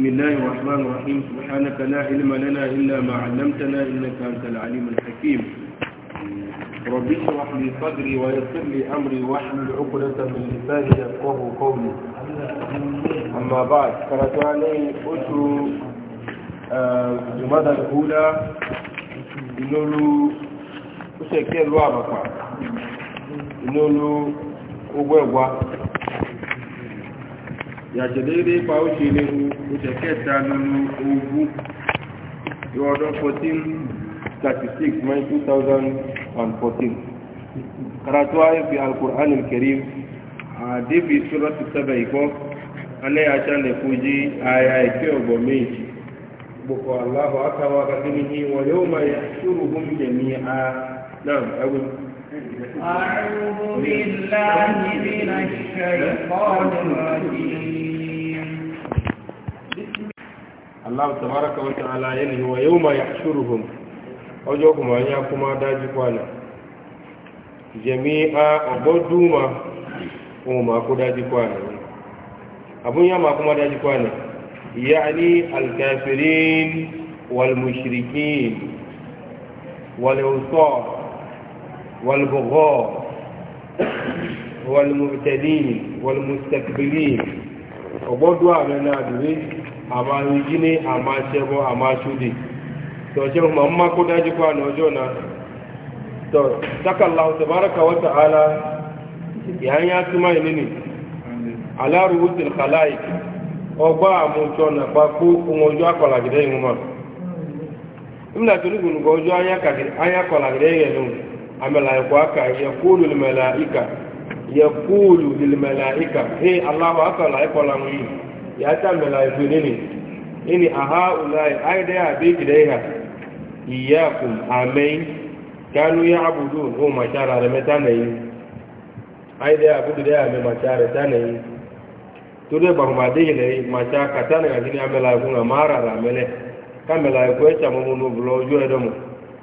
بسم الله الرحمن الرحيم سبحانك لا علم لنا إلا ما علمتنا إنك أنت العليم الحكيم ربي اشرح لي صدري ويسر لي أمري واحمل عقلة من لساني يفقه قولي أما بعد فرجعني أتو آه، جمادى الأولى نولو أشكي الوابقة نولو أبوابقة yàtọ̀dẹ́dẹ́ ipa ó ṣe lè wo oṣù kẹta nínú ogún yọ ọdún 1436 may 2014 karatu ayé fi alkur'an alkarim a débi sọ́rọ̀tù sábà ikọ́ alẹ́ àṣálẹ̀ fojì àyà ìfẹ́ ọgbọ̀ méjì gbogbo aláhọ̀ akáwà kàkiri ní wọ́n yóò máa ṣúrù hún jẹ̀mí a náà ẹgbẹ́ أعوذ بالله من الشيطان الرجيم Allah tabaraka wa ta'ala yanayi wa yau ma ya shuruhun ọjọ́ kuma ya kuma daji kwana jami'a ọgbọ́dúnma ohun ma kó daji kwana abun ya ma kuma daji kwana ya ni alkafirin walmushirikin walhusor walbughor walmurtadin walmustakbirin ọgbọ́dúnwa mẹ́nà àdúrí àmàhùjí ní àmàṣẹbọ àmàṣúdì tọ̀ṣẹ́ ọmọ mọ́ kó dájú pa ní ọjọ́ náà tọ̀ sákàláwọ̀ tàbárakà wata ala ìhàn yá túmọ̀ ìnini alárùwúsìn kàláì ọgbà àmúṣọ nàpá kó ohun ọjọ́ akọ̀làgídẹ́ ìwọ̀n mna anya ka anya ko la grege nu amela ko aka yaqulu lil malaika yaqulu lil malaika he allah wa ta'ala ko la ngi ya ta malaiku ne ne ini a ha'ulai ai da ya be gidai ha iyakum amai kanu ya abudu o mashara da mata na yi ai da ya abudu da ya mai mashara ta na yi to dai ba kuma dai ne macha kata na gini amela ku na mara ra mele kamela ku e chamo mu no blo jo edo mu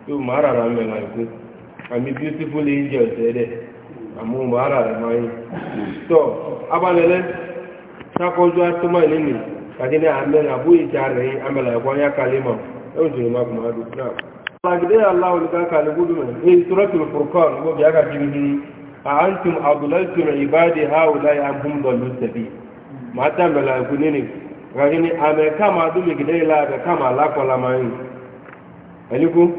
tu mara ra mela ku ami beautiful angel tede amu mara ra mai to abanele sakɔju atoma yi nini kati ne amɛ na abo idza ne amɛ la ɛkɔ ya kali ma ɛwɔ tunu ma kuma do na. alagide alawo ni kaka ni gudu mɛ ni suratul furqan ko bi aka biri ni a antum adulaltum ibadi hawla ya hum dalu sabi ma ta mɛ la nini kati ni amɛ kama do gide la amɛ kama la ma yi ɛliku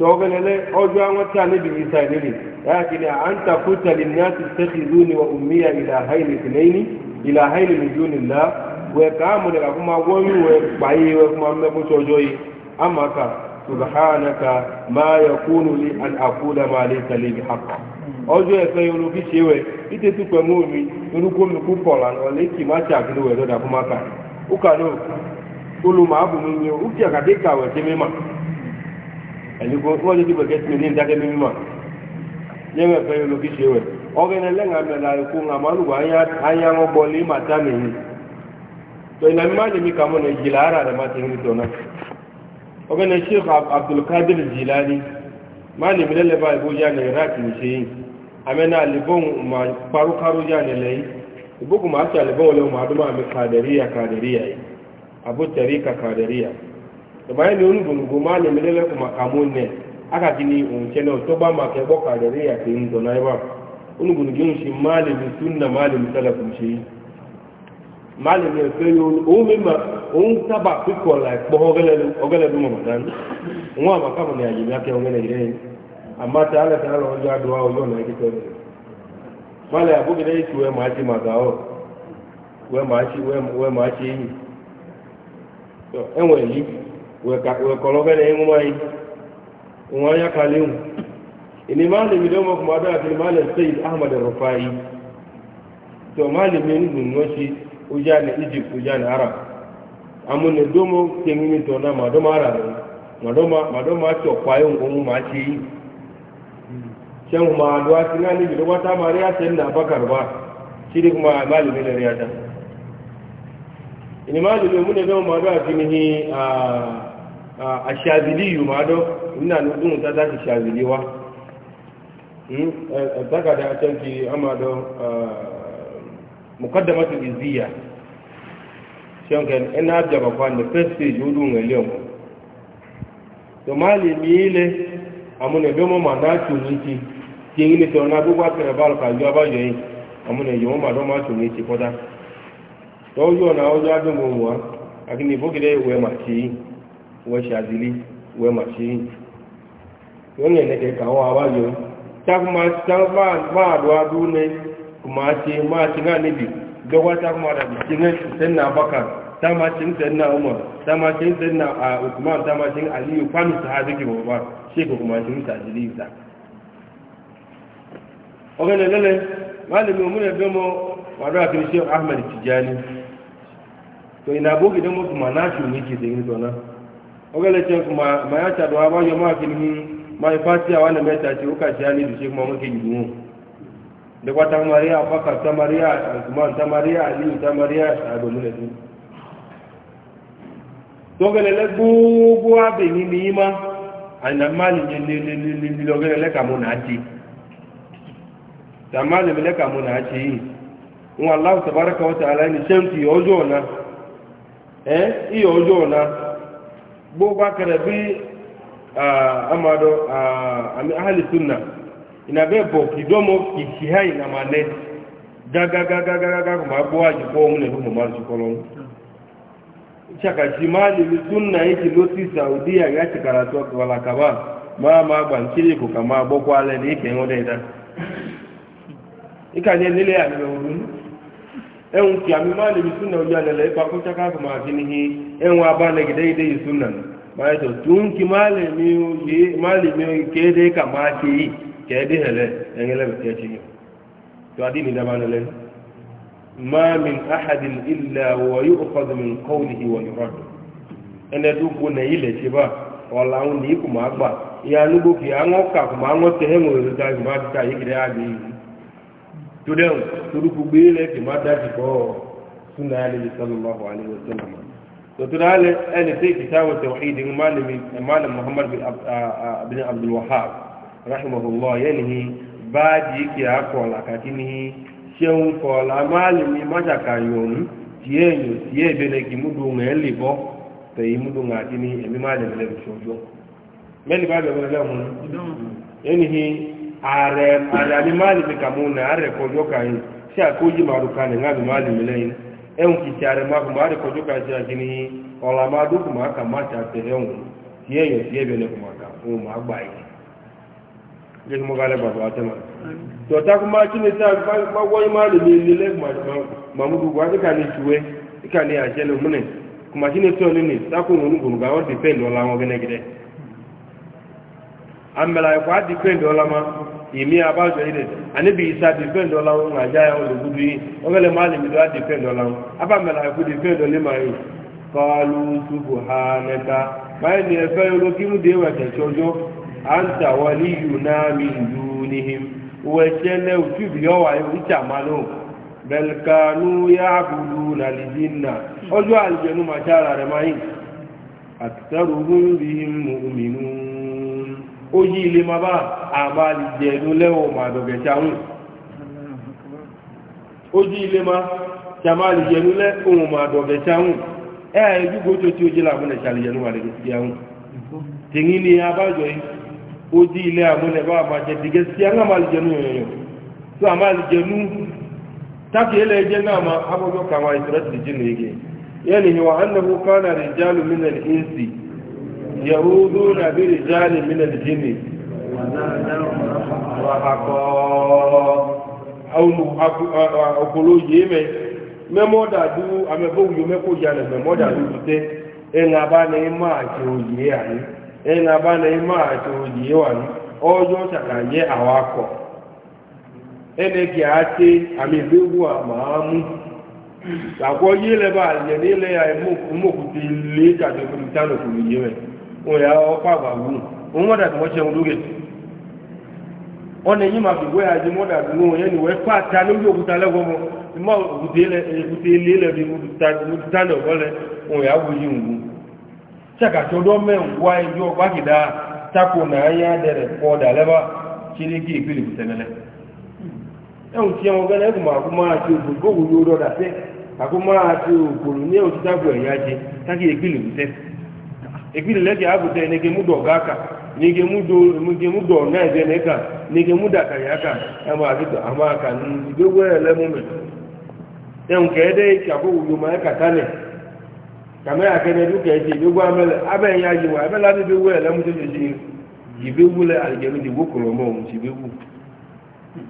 tɔgɔlɛ lɛ ɔjɔ awon ta ne bi isa nini ɛyà kini a anta kuta li nasi sɛki zuni wa umiya ila hayi ni tinayi ni. ila haili min la, we ka mu daga kuma goyu we bayi we kuma mbe joyi amma ka subhanaka ma yakunu li an aqula ma laysa li bihaqq ojo e fe yulu bi sewe ite tu mu mi yulu ko ku pola no le ma we do da kuma ka Uka ka no ulu ma abu mi u ti ka de ka mi ma ani ko ko mi mi ma ogene lenga mela ikunga malugo anya anya ngoboli matami ni to ina mani mi kamo ne jilara da matin dona ogene sheikh abdul qadir jilani mani mi lele bai buja ne iraq ni shi amena libon ma paru karu ja ne lei ibuku ma ta libon le ma duma mi qadariya qadariya abu tarika qadariya ni bai ne unu gungu mani mi lele kuma kamo ne aka kini un chene to ba ma ke bo qadariya tin dona ba onígbònìgbòrò ṣe máàlìmì súnà máàlìmì sálàkù ṣe yìí máàlìmì ẹ̀fẹ́ ohun mímọ̀ ohun sábà pípọ̀ láìpọ̀ ọgẹ́lẹ́dù mọ̀mọ̀dán wọn àmàkàmù ní àyèmí akẹ́ ọgẹ́lẹ́ ìrẹ́ àmà tá alẹ́ tààrà ọjọ́ àdúrà ọjọ́ náà kíkẹ́ rẹ̀ máàlì àbúgẹ́lẹ́ ìtù ẹ̀ máa ṣe màgà yi wẹ́ kọrọ ni malami don ma kuma da bil malam sayyid ahmad rufai to malamin dun noshi ujana egypt ujana arab amune domo kemimi to na ma domo arab ma domo ma domo to kwayo ngun ma ci shan ma do ati na ni do wata mariya sen na bakar ba shiri kuma malamin da riyada ni malamin mun da ma do ati ni a ah, a ah, shabiliyu ma do ina nudun ta da shabiliwa daga hmm? eh, eh, da can ki amma don eh, mukaddamatu iziya shan kan ina abjaba kwan da first stage hudu nga liyan mu to mali miile amune bemo ma na tuniti ki ni to na gugwa kere bal ka yo ba yoyin amune yo ma do ma tuniti koda to yo na o ja bi mu wa akini bogide we ma ti we shazili we ma ti yo ne ne ke ka wa ba yoyin tagumaduwadu ne kuma ce ma ci ga nabi gawa ta kuma da bikin sen na bakar ta ma cin sen na umar ta ma sen na usman ta ma aliyu kwanu su haɗu ki babba shi ko kuma cin sa jiri ta oge ne lele malami mu ne a kiri shehu ahmed tijani to ina na shi ne ce kuma ma ya ta ma ifati awa na meta ti uka jani du sheikh muhammad ke jumu da kwata maria afaka ta maria alkuman ta maria ali ta maria agonu ne to gele le gugu abi ni ni ma ana mali ni ni ni ni ni mo na ti ta mali le ka mo na ti wa allah tabaraka wa taala ni shemti ojo na eh iyo ojo na gbogbo akẹrẹ bíi Ah, amado ah, ami ahali sunna ina be bo kidomo na mane gagagagagaga ma bo aji ko mun ne mu ma su kolon chaka jimali li sunna loti ya karatu wala kaba ma ma ban kiri ko kama bo ko ale ni ke ngode da nile ya e ami li sunna o ya le pa ko chaka hi e maito tun ki malami yi malami ke de ka ma ki ke de hele engele be ke chiyo to adi ni dabana ma min ahad illa wa yu'khadhu min qawlihi wa yurad du ko ne ile ti ba wala un ni ku ma gba ya nu bo ki ya ka ku ma anwo te he mo ru da ma ti ta yigire abi to de to du ku le ti ma da ti ko sunna ali sallallahu alaihi wasallam وتنال أن في كتاب التوحيد المال محمد بن عبد الوهاب رحمه الله ينهي بعد يكيا قولا كاتنه شيء قولا مال ما شكا يوم تيه تيه بينك مدون الليبو تيه مدون عتنه أمي مال من الشوجو من بعد يقول لهم ينهي عارف على مال بكمون عارف قوجو كاين شاكوجي معروكان نعم مال ملين ẹ̀hùn kìkì ààrẹ máa fún máa rí kọjú kájí àgíní ọ̀la máa dúkù máa kà máa tàbí ẹ̀hùn tí ẹ̀yọ̀ tí ẹ̀bẹ̀ lẹ́kùn máa kà fún yìí ká lẹ́gbàá tó máa a bá wọ́n máa lè ní ilé lẹ́gbàá màmúdù wá sí ní ìtúwẹ́ sí ìmí abájọ ilẹ̀ àníbi ìsá dìfẹ́ǹdì ọláwọn àjá ya olùgbùdú yìí ọgẹ́lẹ̀ máa lè mìíràn dìfẹ́ǹdì ọláwọn abámẹ́lá ẹ̀kú dìfẹ́ǹdì ọlẹ́mà yìí kọlu ṣubù ha nẹta báyìí ni ẹfẹ́ olókìmù dé wẹ̀kẹ̀ ṣọjọ́ à ń tà ní yù náà mi lẹ́ ọwà máa oyi ilé ma bá àmà àlìjẹ inú lẹ́wọ̀n mà dọ̀gẹ̀ ilé ma ṣàmà àlìjẹ inú lẹ́wọ̀n mà dọ̀gẹ̀ ṣàrùn ẹ̀ ẹ̀dúgbò tó tí ó jẹ́ làmúnẹ̀ ṣàlìjẹ wà sí àwọn tèyí ni abájọ yìí oyi ilé àmúnẹ̀ bá àmà jẹ dìgẹ́ sí àwọn àmà àlìjẹ inú yọ̀yọ̀ tó àmà àlìjẹ inú táàkì ilẹ̀ ẹjẹ́ náà kàwọn يعوذون برجال من الجن وحقا أو أقولوا يمي mẹ́mọ́dà dú amẹ́fóòwò mẹ́kò jalè mẹ́mọ́dà dú tẹ́ ẹ̀nà bá ní máa ṣe òyìí àní ẹ̀nà bá ní máa ṣe òyìí wà ní ọjọ́ ṣàkàyẹ àwọn akọ̀ ẹnẹ́kì àti àmì ìgbéwò àmàámú àkọ́ yílẹ̀ bá àlẹ́ nílẹ̀ òyà ọkọ̀ àgbà wù òun ma tí wọ́n ṣe ohun lóge ọ̀nà yìí máa fìwé àjẹ mọ́dà tí wọ́n yẹn nìwẹ́ pàtà lórí òkúta lẹ́gbọ́n mọ́ ìmọ̀ òkúta ilé lẹ́bi òkúta lẹ́gbọ́lẹ̀ òyà wù yìí wù ṣàkàtì ọdọ́ mẹ́rin wá ẹjọ́ gbákìdá tako náà yá dẹ̀rẹ̀ pọ̀dà lẹ́bà ṣe ní kí ìpìlẹ̀ kùtẹ́lẹ́lẹ́ ẹ̀hùn tí ẹwọ́n gẹ́lẹ́ ẹ̀kùn máa kú máa ti ògbògbò wúlò rọ́dà fẹ́ àkó máa ti ní jẹ ekpilileke abụta negemudo ọga aka negemudo ọnaeze na ịka negemudo akanya aka ama aka dogwerele mume enke ede ka bụwuyo ma katane ka me akene duka eji gbogbo amele abe ya ji ele ji ji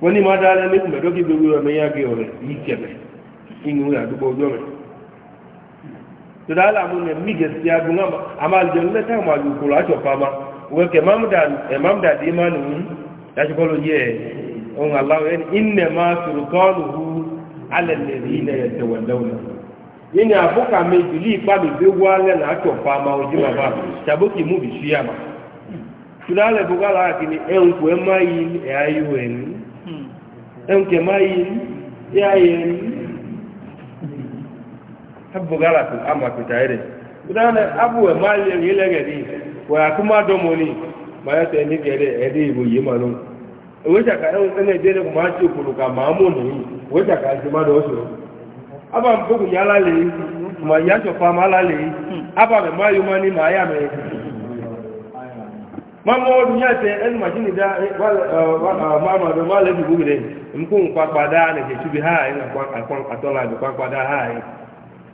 ji ma me do ki gbogbo me ya ge ore ni ya dubo to da e ala mun mi gaskiya gun amma aljanna ta ma ju kula to fama wa ke mamdan imam da dimanu ya shi bolo ye on allah en inna ma sulqanuhu ala alladhina yatawallawna yini abuka me jili pa mi be wa le na to fama o jima ba tabuki mu bi shiyama to da ala bugala kini en ku e mayi e ayu en en ke mayi ya e e yen bugala tu ama pita ere udana abu e mali e ile kuma wa ma ya ni gede edi ibo yi ma ka e ne de ko ma ti kulu ka ma mo ni we ka ti ma ya so ya ma ya so ma la le aba ma ma ni ma ya me ma mo du ya te en ma jini da e, wa e, e, ma ma do ma le ne ke ha ina kwa kwa atola bi kwa ha ina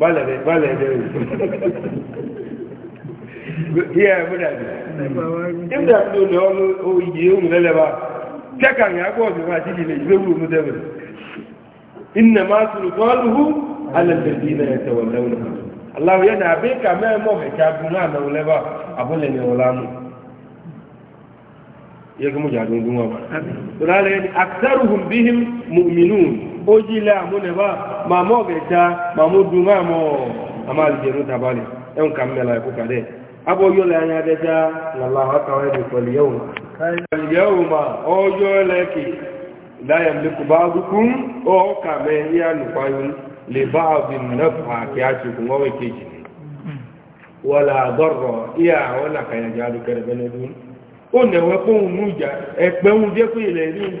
balẹ̀ balẹ̀ bẹ̀rẹ̀ yíya ẹ̀mọ́dàbí ìmọ̀dàbí olè oyè olùlẹ́lẹ́bà kẹ́kà ní agbọ́ọ̀dù àti ilé ìgbéwò mọ́dẹ̀bẹ̀ inna ma turu tọ́lùhù alẹ́bẹ̀bí na ẹ̀tẹ̀wọ̀ lẹ́wọ̀n aláwọ̀ yẹ́ na abẹ́ ka mẹ́mọ́ ẹ̀kẹ́ agun náà náà lẹ́bà abúlẹ̀ ní ọlá mú yẹ ojile amụneba ma mụ ga-echa ma mụ dum amụ amalijenu tabali ẹn e ka mmela ẹkụ e kade abụghị ụlọ anya dịcha na lahakawa ebe kwali yau yau ma ọjọ eleki daya mmekuba agụkwụ ọka mee ihe a nụkwanyu leba abin nafa ka ya chukwu nwa keji wala dọrọ ihe ahụ na ka ya ji adụkere benedu ọ na-enwekwa ụmụ ụja ekpe nwụdekwa ile niile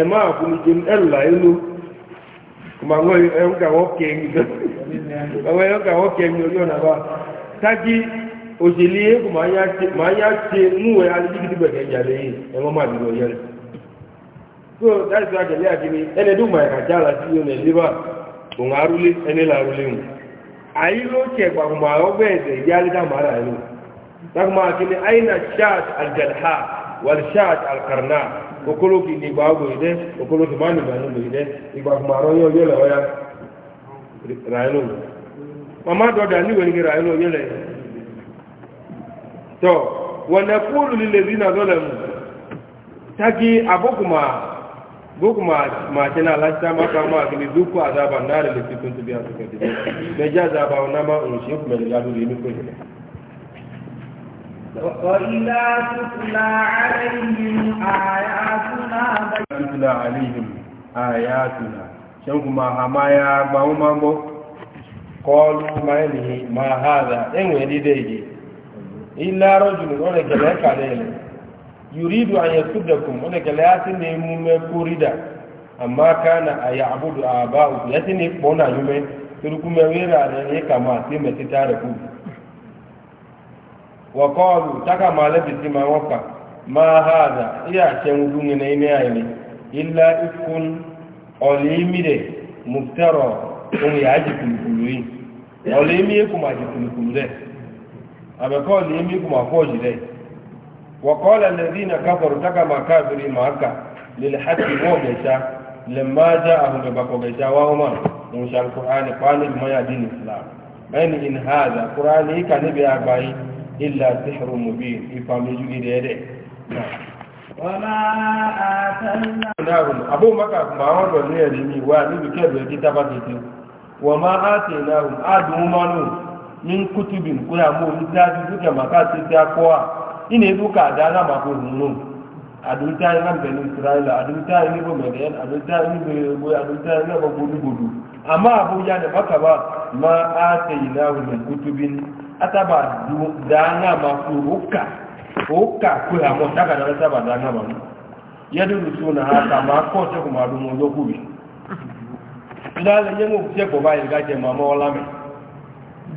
ẹ̀má àkúnijẹ ẹ̀là inú àwọn ẹ̀yọ́kàwọ́ kẹ́yìn orí ọ̀nà ga tájí òṣèlú ẹkù máa yá ṣe mú ẹ alìjíkìtì gbẹ̀gẹ̀ ìjàlẹ̀ yìí ẹ̀wọ́n máa dìbò yẹn so that is why jẹ̀lé ẹni ẹdún máa kàjá àlà sí òun arúlé ẹni làrúlé mu ló ṣe ọgbẹ́ والشات القرناء وكلوكي نيباغو يده وكلوكي ما نيباغو يده يباغو ما رو يو يلا ويا رايلو ماما دو داني وين رايلو يلا تو ونقول للذين ظلموا تاكي ابوكما بوكما ما تنا لاستا ما كما كني ذوقوا عذاب النار التي كنتم بها تكذبون مجازا باونا ما انشئكم من يدو لي مكو وإذا تتلى عليهم آياتنا تتلى عليهم آياتنا شنكم ما ما يا ما ما قالوا ما له ما هذا إن ولدي إلا رجل ولا كلاك عليه يريد أن يصدكم ولا كلاك نيمم كوريدا أما كان يعبد آباؤكم يتني بونا يومين تركم ويرا عليه كما تمت تاركم وقالوا تكا ما لبث ما وقع ما هذا يا تنغون نيني ايني إلا إفكن أوليمي مفترى أم يعجب الكلوين أوليمي يكم عجب الكلوين أبقى أوليمي يكم أفوج لي وقال الذين كفروا تكا ما كافري معك للحق موجشا لما جاءهم بقوا بجا وهما من القرآن قال ما يدين الإسلام أين إن هذا قرآن إيكا نبي أبعين aaụ uiaụị na-ebu a a uuu ama aa aaa ma ateihụ ku ataba daanga ma furu uka uka kwe ha mo daga na ataba daanga ma yadu na ha ta ma ko te kuma du mo yokubi ndale yengu je ko bayi ga je ma mo lame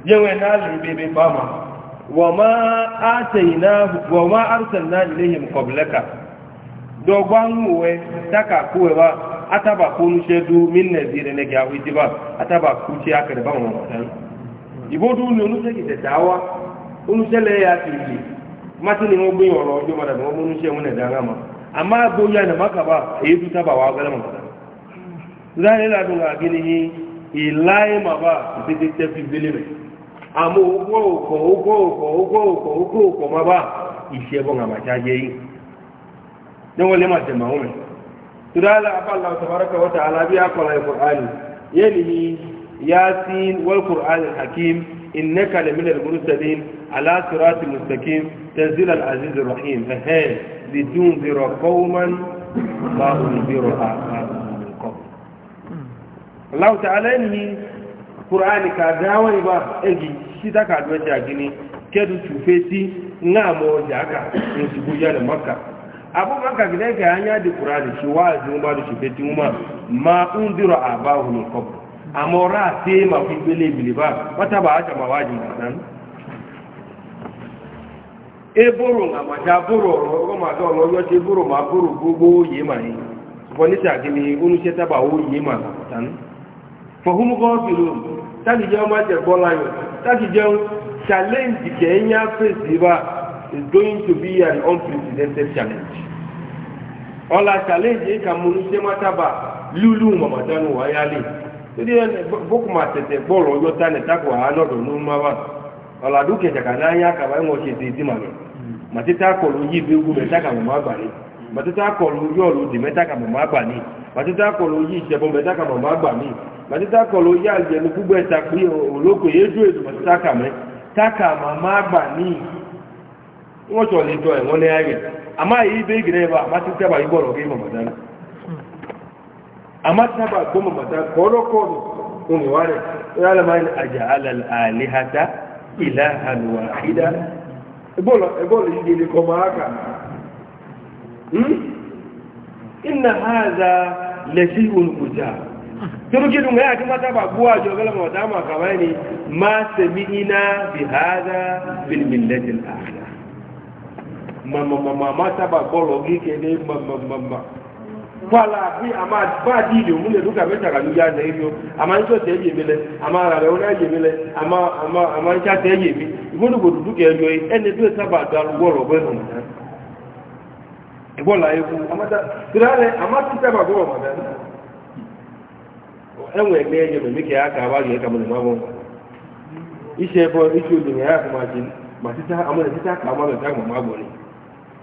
yenwe na le bebe ba ma wa ma ataina wa ma arsalna ilayhim qablaka do gbanwe taka kuwe ba ataba kunu shedu min nazire ne ga witiba ataba kuci akare ba mo tan ìbódú ni oníṣẹ́ kìtẹ̀ dá wa oníṣẹ́ lẹ́ ya kìrìkì mati ni wọ́n gbìyànjú ọ̀rọ̀ ọjọ́ padà wọ́n mú oníṣẹ́ wọn ẹ̀dá ńlá ma àmọ́ agbóyà ní makaba èyí tó sábà wà ọgẹ́lẹ́ mọ̀ padà láyé ládùn àgé ni ìláyé màbá ìtètè tẹ́ fi gbélé rẹ̀ àmọ́ ogó òkò ogó òkò ogó òkò ogó òkò màbá yìí ní wọ́n lé yasin wal qur'an al hakim innaka lamin al mursalin ala siratin mustaqim tanzil al aziz ar rahim ehe litunzira qauman ma unzira akharun min qabl Allah ta'ala ni qur'ani ka dawa ba egi sita ka do ja gini kedu tufeti ngamo jaka in subuya da makka abubakar gidanka ya yadi qur'ani shi wa'azi ba da shi feti ma ma unzira abahu min qabl àmọ́ rá ma fi gbélé ìbìlìbá pátábà àjàmàwájì mọ̀sán eboro àmàjá boro ọ̀rọ̀ ọgọ́mà àjọ ọlọ́yọ́ tí boro ma boro gbogbo yìí mà ní ṣùgbọ́n ní oníṣẹ́ tábà ó yìí mà challenge is going to be an unprecedented challenge challenge e torí ẹ bókùmà tẹ̀tẹ̀ gbọ́rọ̀ ọjọ́ tá nẹ̀tàkù àánọ̀dọ̀ ló ń máa ọ̀làdú kẹ̀kẹ̀kà náà yá kàwá ẹ̀wọ̀n ṣe ti dì màmì màtítà kọlu yí ibi ogun mẹ́tàkà mọ̀mọ́ àgbà ni màtítà kọlu yí ọ̀lù dì mẹ́tàkà mọ̀mọ́ àgbà ni màtítà kọlu yí ìṣẹ̀bọ̀ mẹ́tàkà mọ̀mọ́ àgbà ni màtítà kọlu yí àjẹnu gbogbo ẹ̀ta pé yéjú èdè màtítà kà tákà mọ̀mọ́ àgbà ni wọ́n sọ̀ lè tọ ẹ̀wọ̀n ní ayẹ̀ àmọ́ àyè ibẹ̀ ìgbìnrin ẹ̀ amma ta ba goma mata koro koro uni ware yala mai aja'ala al-alihata ilahan wahida ibolo ibolo ndili koma haka hmm inna hadha la shay'un ujab turuki dunga ya kuma ta ba buwa jogala ma dama kamar ni ma sami'ina bi hadha fil millati al-akhirah mama mama mata ba bolo gike ne mama mama wala bi ama ba di de mun de duka be ya de yo ama nso te ye mi ama ara re ona ye mi ama ama ama te ye yo e. ene da lu eku ama da ama ti saba go ma da enwe me ye mi ke aka ba ye ka mun ma bon ise bo isu ni ya ko ma ji ma ti ta ama ti ta ka ma ta ma ma bo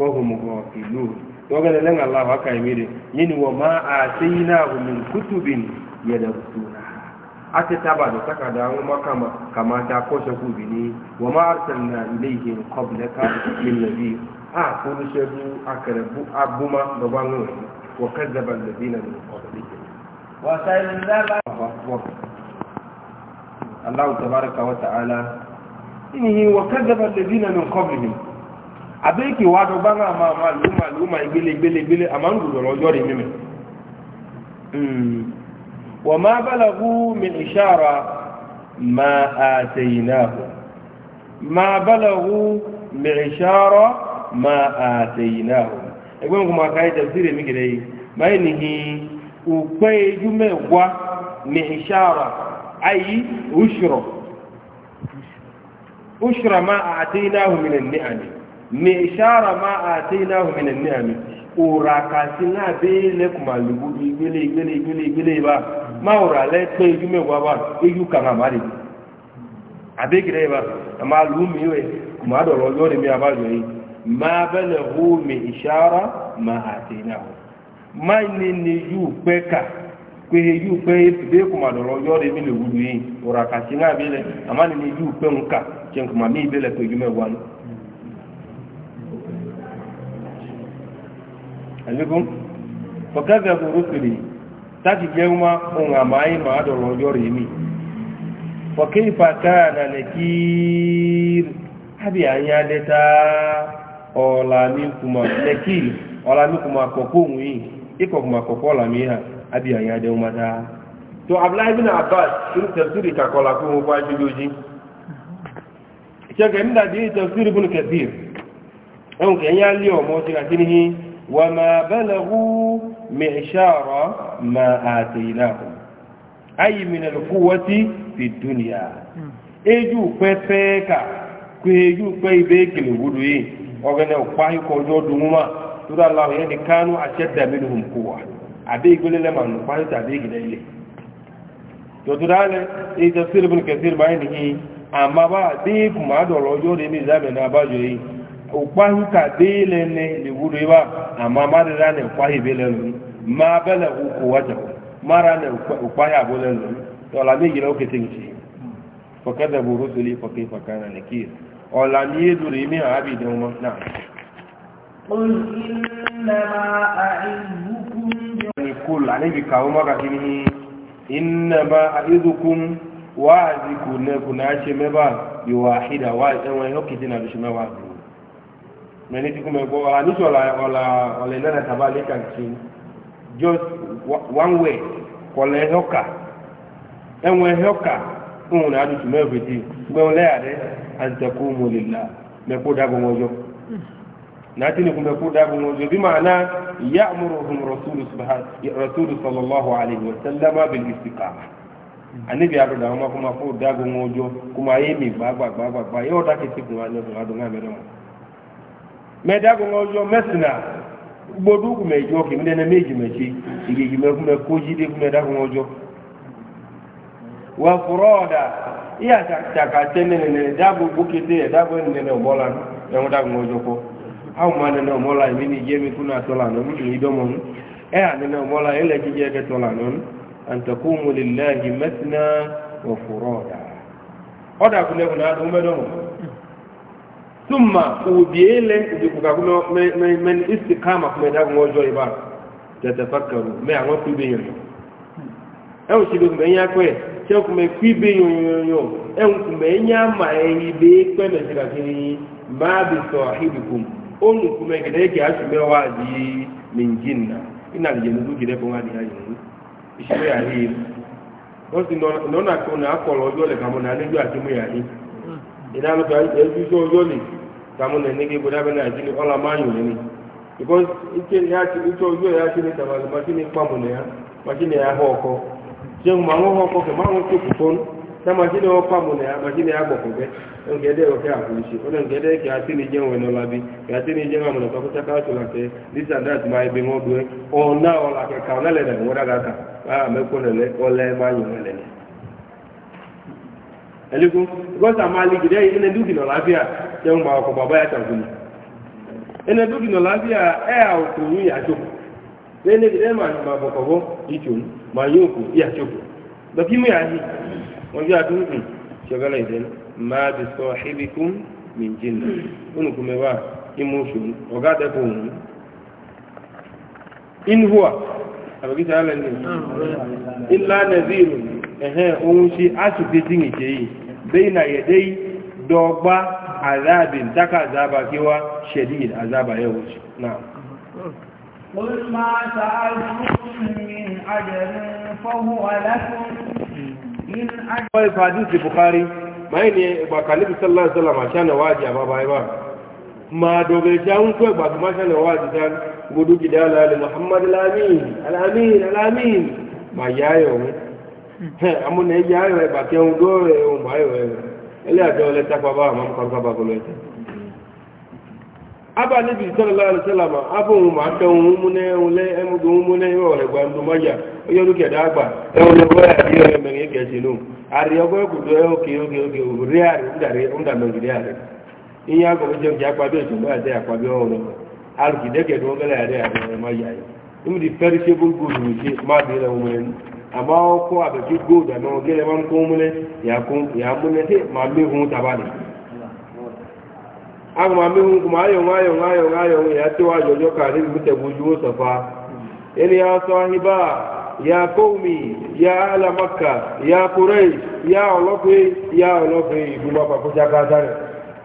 fọ́hùn ìlú tọ́gẹ́lẹ̀ lẹ́nà aláwọ̀ aka ìmìrì nínú wọ máa àṣíyí náà min kútùbìn yẹ̀dẹ̀ kùtùnà a ti taba da takada an makama kamata ko shaku bini wa ma arsalna ilayhi qablaka min nabi a kunu shadu akarabu abuma da abeki wado banga ma ma luma luma ibele ibele ibele amangu dolo yori mimi mm wa ma balagu min ishara ma atainahu ma balagu min ishara ma atainahu egwe nguma kai tafsiri mi gidei mai ni hi ukwe jume wa min ishara ai ushro ushra ma atainahu min an-ni'am me shara ma a tai na hu minan ni'ami ora ka si na be le kuma lugu igbele igbele igbele igbele ba ma ora le pe iju me wa ba iju ka ma mari abe gire ba ma lu mi we kuma do lo yo re mi aba yo yi ma bala hu mi ishara ma a na hu ma ni ni ju pe ka pe iju pe be kuma do lo yo re mi le wudu yi ora ka si na be le ama ni ni ju pe nka chen kuma mi be le pe iju wa no alikum fakaza rusuli taki jeuma unga mai ma do lojori mi fa kayfa kana nakir abi anya deta ola mi kuma nakir ola mi kuma kokun yi iko mi ha abi anya de umata to abdullah ibn abbas in tafsiri ka kola ko ba jujuji ke ga inda di tafsir ibn kathir on ke nya mo ti ka kinihi وما بلغوا معشار ما آتيناهم أي من القوة في الدنيا eju pẹpẹ ka ko eju pẹ ibe kele wudu yi ọgẹnẹ ọkpahi kọjọ dumuma tura alahu yẹni kanu aṣẹda e mi nuhun kowa abe igbele lẹma nukpahi ta abe gidẹ ile tọtura alẹ eyi tẹ siri ni zamẹ ukpahi ka bele ne le amma mara na ne ukpahi bele ne ma mara na ukpahi abole ne to la mi gila o ketin ci fa kada bu rusuli fa kayfa kana nakir o la mi yeduri na qul bi kul ka ne kuna ce bi wahida mɛni tugu mɛ gbɔ ɔla nisu ɔla ɔla ɔla nana taba le ka tsi just one way kɔlɛ hɛɔka ɛŋɔ hɛɔka ŋun na adutu mɛ vete gbɛn lɛ ya dɛ azɛku molila mɛ kó dago ŋɔdzɔ nati ni kun bɛ kó dago ŋɔdzɔ bi maana ya'muruhum rasulu subahana rasulu sallallahu alayhi wa sallam bil istiqama anibi ado da wọn ma kuma kó dago ŋɔdzɔ kuma ye mi gbagba gbagba gbagba yɛ ɔda kete kun wa ne kun ka do ŋa mɛ dɛ mo. mẹ́dàgùn ọjọ́ mẹ́sìnà gbọ́dúkù ya kìmínẹ́nẹ́ méjì mẹ́jì ìgbèjì mẹ́kúnmẹ́ kó jíde fún mẹ́dàgùn ọjọ́ wà fúrọ́ọ̀dà ìyá tàkàtẹ́ nẹ́nẹ́nẹ́ dáàbò gbókété ẹ̀ dáàbò nẹ́nẹ́ ọ̀mọ́lá ẹ̀wọ̀n dàgùn ọjọ́ kọ́ àwọn máa nẹ́nẹ́ ọ̀mọ́lá èmi thumma ubiele men me, me, iba me yin e o sido me ya kwe se o kume kwibe yin yo e un kume nya ma e ibe pe me se ka kini ma bi sahibikum o nu kume gede ki asu me wa di min na ina je nu gide ko ngadi ha yin isi na ko na ko le na ati ìdánukọ ẹjú yóò lè tàmúnà ní gbogbo dábẹ́ náà jí ní ọlá máa yùn lẹ́ni because ike ya ti ike ojú ẹ̀ ya ti ní ma machine pàmò ya ma ọkọ ṣé máa ń hó ọkọ kẹ máa ń tó kù fún tá machine ọ pàmò nìyà ya gbọ̀kọ̀ bẹ́ ẹnkẹ́dẹ́ ọ̀kẹ́ ẹlẹ́gùn gọ́sà máa lè gìdẹ́ yìí ẹnẹ́dúgì nà láàbíà jẹun bá ọkọ̀ bàbá yàtọ̀ gùn ẹnẹ́dúgì nà láàbíà ẹ̀ àwòkù yìí yàtọ̀ lẹ́nẹ́ gìdẹ́ máa nà bọ̀kọ̀ bọ́ ìtò máa yóò kù yàtọ̀ lọ́kí mú yàtì wọ́n yóò adúrú kù ṣọ́gálẹ̀ ìdẹ́ máa bẹ sọ ṣíbíkún mìjìnà onùkú mẹ́wàá imú ṣòun ọ̀gá dẹ́kọ̀ òun inhuwa àbẹ̀kí sàálẹ̀ ní ilá nàzírù ehe ohun ṣe aṣùgbéjìn ìṣe yìí bẹ́yìn àyẹ̀dẹ́ yìí dọ́gba azabin taka azaba kí wá ṣẹ̀dín azaba yẹ̀ wọ́n náà قل ما سألتكم من أجل فهو لكم إن أجل في حديث البخاري ما إني بكالب صلى الله عليه وسلم عشان واجي أبا بايبا ما دوبل شاون كوي باك ما شان واجي كان قدو كدالا لمحمد الأمين الأمين الأمين ما يا يوم amúnà ẹ̀yà ayọ̀ ẹ̀bàkẹ́ ohun tó ẹ̀ ohun bá ayọ̀ ẹ̀ ẹlẹ́ àjọ ọlẹ́ta pàbá àmọ́ pàbá kọlọ ẹ̀tẹ́ abá níbi ìtọ́lọ́lá alẹ́sẹ́làmà abó ohun máa tẹ ohun múnẹ́ ohun lẹ́ ẹmúgbó ohun múnẹ́ ìwọ̀ ẹ̀gbà ẹ̀mú máyà ọyọ́ lókè dáàgbà ẹ̀hún lọ́wọ́ àti ẹ̀rẹ̀ mẹ̀rin kẹ̀sì nù àrí ọgbẹ́ òkùnkùn ẹ̀ òkè òkè òkè rí àrí ńdàrí ńdàmẹ̀rì àmọ́ ọkọ àbẹ̀kí gold àmọ́ gẹ́lẹ́ máa ń ya múlẹ̀ yàmúlẹ̀ tí màá méhun tàbá nì. àwọn màá méhun kò máa yọ̀ ayọ̀ ayọ̀ ayọ̀ ìyá tí wàá a ya kóòmì ya alamaka ya kúrẹ́ì ya ọlọ́pẹ́ ya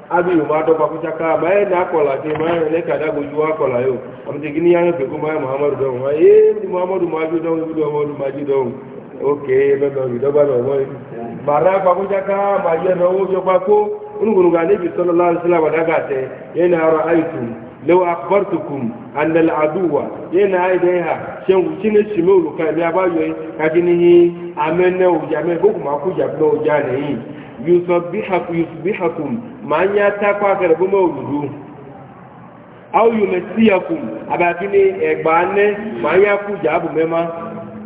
abi ma do ba kuta ka mai na kola ke mai ne ka da gujuwa kola yo am de gini yan be ko mai Muhammad don mai eh di Muhammad ma ju don do muhammadu ma ju don okay be do do ba no mai bara ba kuta ka ma ye no wo jo ba ko ungunu ga ne bi sallallahu alaihi wasallam da ga te ye ra'aytum law akhbartukum anna al-aduwa yana aideha shen chine shimulu ka ya ba yo ka gini amene o ya me yusbihakum ma anya takwa kwa kare kuma wudu aw yumsiyakum abakini egbane ma nya ku jabu mema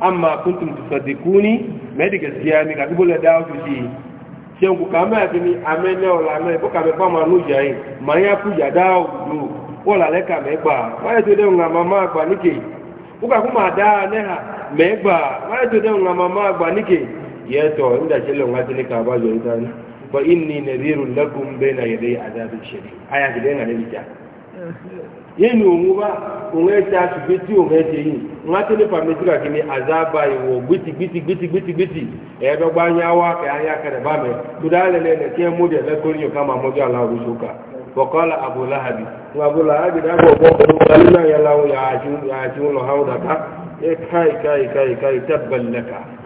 amma kuntum tusaddiquni me diga siyami ka bula dawo ji sen ku kama akini amene ola me ko kame pa ma nuja yi ma anya ku ja dawo wudu ola le kame gba wa ye to de ngama ma gba nike ku ka kuma da neha me gba wa ye de ngama ma gba nike يتو عند جل وعلا كابا جوتان فإني نذير لكم بين يدي عذاب شديد آية كده أنا بيتا na òun bá òun ẹsẹ asùgbé tí òun ẹsẹ yìí wọn á tẹlẹ pàmẹtìrì àkínní azaba ìwọ gbìtì gbìtì gbìtì gbìtì gbìtì ẹẹdọgba anyáwó akẹ ayákẹrẹ bá mẹ tó dáa lẹlẹ ẹnẹ tí ẹ mú diẹ lẹkọọ ní ọkà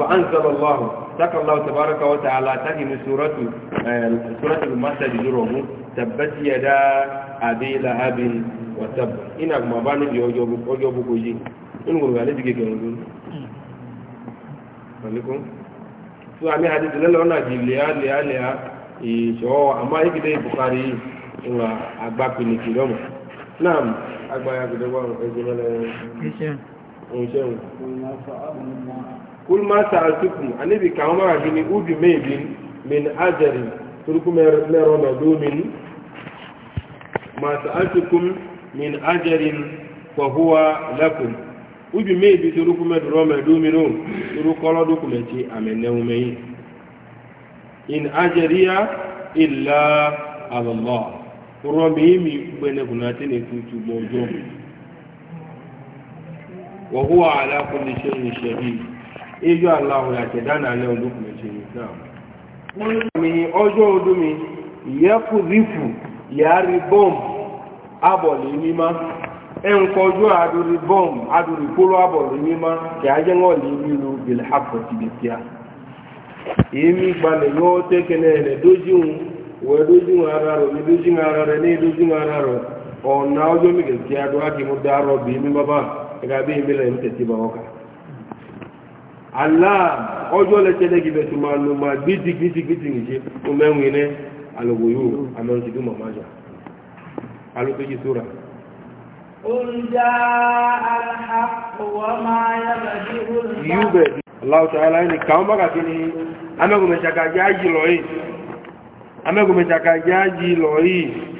فأنزل الله تك الله تبارك وتعالى تهن سورة سورة المسجد جروه تبت يدا أبي لهب وتب إنك ما بان يوجب يوجب كوجي إن قلوا عليه تجي كنون عليكم سو أمي حديث لا لونا جليا ليا ليا إيشوا أما يكده بخاري إنه أبغى كني كلامه نعم أبغى يكده وارو إيشوا إيشوا kul ma sa'altukum anibi ka ma gini ubi mebin min ajari turku mero na domin ma sa'altukum min ajarin fa huwa lakum ubi mebi turku mero na domin o turku kolo dokumenti amenewu mai in ajariya illa allah rọmi mi gbẹnẹkùnà tí ní tuntun mọ́jọ́ wọ́n hùwà alákùnrin ṣe ń ṣe bíi eyo ala ọ̀hún àtẹ̀dá náà lẹ́ olókùn ẹ̀ṣẹ̀ islam mi ọjọọ ọdún mi ìyẹ́kù rífù yàárí bọ́m abọ̀lì mímá ẹnkọjú àdúrí bọ́m àdúrí póló abọ̀lì mímá kì á jẹ́ wọ́n lè nílò bilhapọ̀ ti bẹ̀kíá èmi gbalẹ̀ yóò tẹ́kẹ̀lẹ̀ rẹ̀ dójúun wẹ̀ ara rẹ̀ mi ara rẹ̀ alam ọjọ́ lẹ́tẹ́ lẹ́gì bẹ̀ máa lọ máa gbídì gbídì gbídì nìṣe tó mẹ́rin iná alòwò yóò amẹ́rin ti dún jà alókèjì sóra. oúnjẹ àhàkùwọ́ máa yára bí